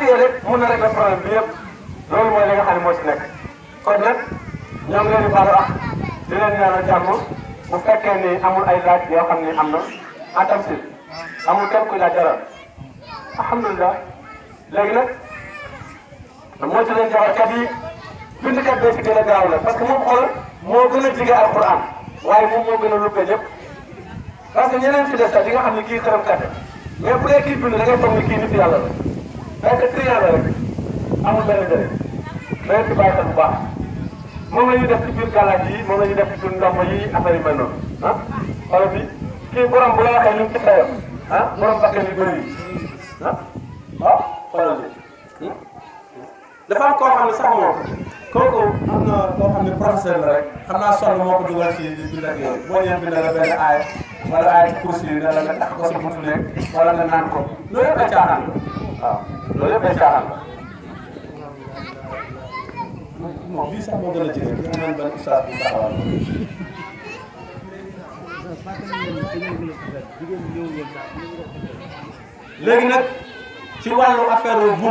appuyer rek mun na régler problème bi yëpp loolu mooy li nga xam ne moo ci nekk. kon nag ñoo ngi leen di baalu ak di leen ñaanal jàmm bu fekkee ni ay laaj yoo xam ni am na en tamsil amul ka kuy laaj dara alhamdulilah léegi nag moo ci leen jabarkat yi bindkat bee ci gën a gaaw la parce que moom xool moo gën a jege alquran waaye moom moo gën a lubbee ñëpp parce que ñeneen ci des sax di nga xam ne kii xërëmkat mais bu dee kii bind da ngay foog ni kii nit yàlla la. mais que triant la rek amul benn njëriñ nawet bi bàyyi ko bu baax moom la ñuy def ci biir gàllaaj yi moom la ñuy def ci biir ndomb yi affaire yu mel noonu ah xoolal bi kii borom bu Dalam waxee ñu ngi ci xayam ah borom bakkan yu bëri yi ah waaw xoolal bi dafa am koo kursi dalam sax moom kooku am na koo xam ne waaw loolu yëpp ay caaxaan la. non a jege li